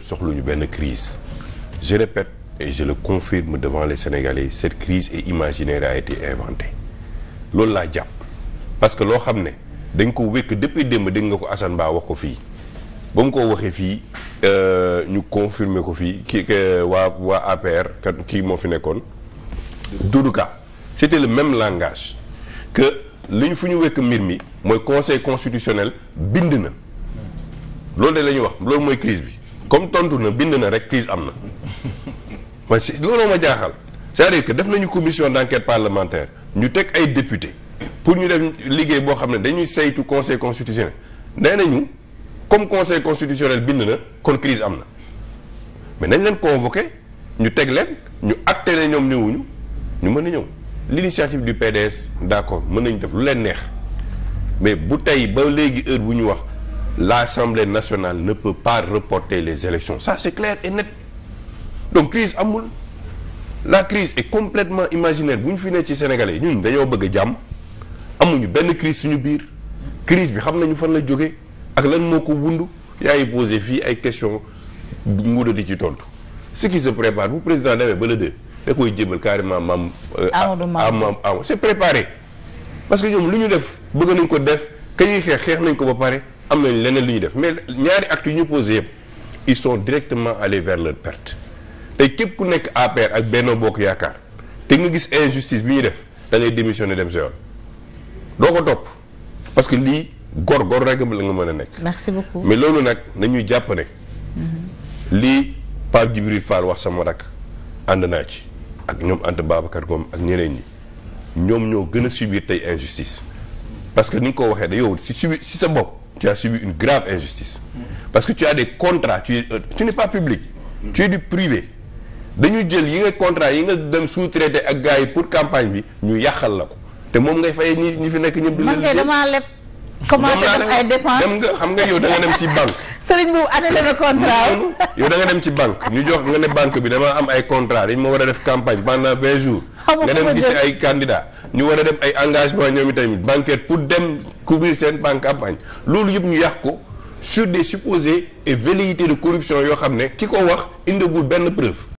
soxlu ñu benn crise je répète je le confirme devant les Sénégalais cette crise est imaginaire et a été inventée loolu laa jàpp parce que loo xam ne dañ ko wékk depuis démb dégg nga ko Assane Ba wax ko fii ba mu ko waxee fii euh, ñu confirmer ko fii kii waa waa APR kat kii moo fi nekkoon Doudou Ka c'était le même langage que li ñu fu ñu wékk mbir mi mooy conseil constitutionnel bind na loolu de la ñuy wax loolu mooy crise bi comme tontu na bind na rek crise am na man si looloo ma jaaxal c'est-à-dire def nañu commission d'enquête parlementaire ñu teg ay député pour ñu def liggéey boo xam ne dañuy saytu conseil constitutionnel nee nañu comme conseil constitutionnel bind na kon crise am na mais nañ leen convoqué ñu teg leen ñu acté ne ñoom ñëwuñu ñu mën a ñëw l'initiative du PDS d'accord mën nañu def lu leen neex mais bu tey ba léegi heure bu ñu wax la l'Assemblée nationale ne peut pas reporter les élections ça c'est clair et net donc crise amul la crise est completement imaginaire bu ñu fi ne ci Sénégalais ñun dañoo bëgg jàmm amuñu benn crise suñu biir crise bi xam nañu fan la jóge ak lan moo ko wund yaay posé fii ay question nguuda di ci tontu ce qui se prépare bu président demee ba le deux da koy jébal carrément maam euh, maam c'est préparé parce que ñoom lu ñu def bëgg nañ ko def kañuy xeex xeex nañ ko ba pare am nañ leneen li ñuy def mais ñaari actes yu ñu posé yëpp ils sont directement allés vers leur perte te képp ku nekk APR ak benn Bokk Yaakaar te nga gis injustice bi ñuy def da ngay démissionner dem sa yoon doo ko topp parce que lii gor gor rek la nga mën a nekk. merci beaucoup mais loolu nag nañuy jàpp ne. lii Pape Djibril Fall wax sama rakk ànd naa ci ak ñoom Anta Babacar Ngom ak ñeneen ñi ñoom ñoo gën a subir tey injustice parce que ni ñu ko waxee da yow si subi si sa bopp. tu as subi une grave injustice. parce que tu as des contrats tu es euh, tu n'es pas public. tu es du privé. dañu jël yi nga contrat yi nga dem sous-traité ak gars yi pour campagne bi ñu yàqal la ko te moom ngay fay ñi ñi fi nekk ñëpp. di leen man damaa leb. commencé def ay dépenses dem nga xam nga yow da nga dem si banque. sëriñ boobu annulé na contrat yow da nga dem ci banque ñu jox nga ne banque bi dama am ay contrat dañ moo war a def campagne pendant vingt jours. nga dem gis ay candidat ñu war a dem ay engagement ñoom itamit banquette pour dem couvrir seen banque campagne loolu yëpp ñu yax ko sur des supposés et velléités de corruption yoo xam ne ki ko wax indiwul benn preuve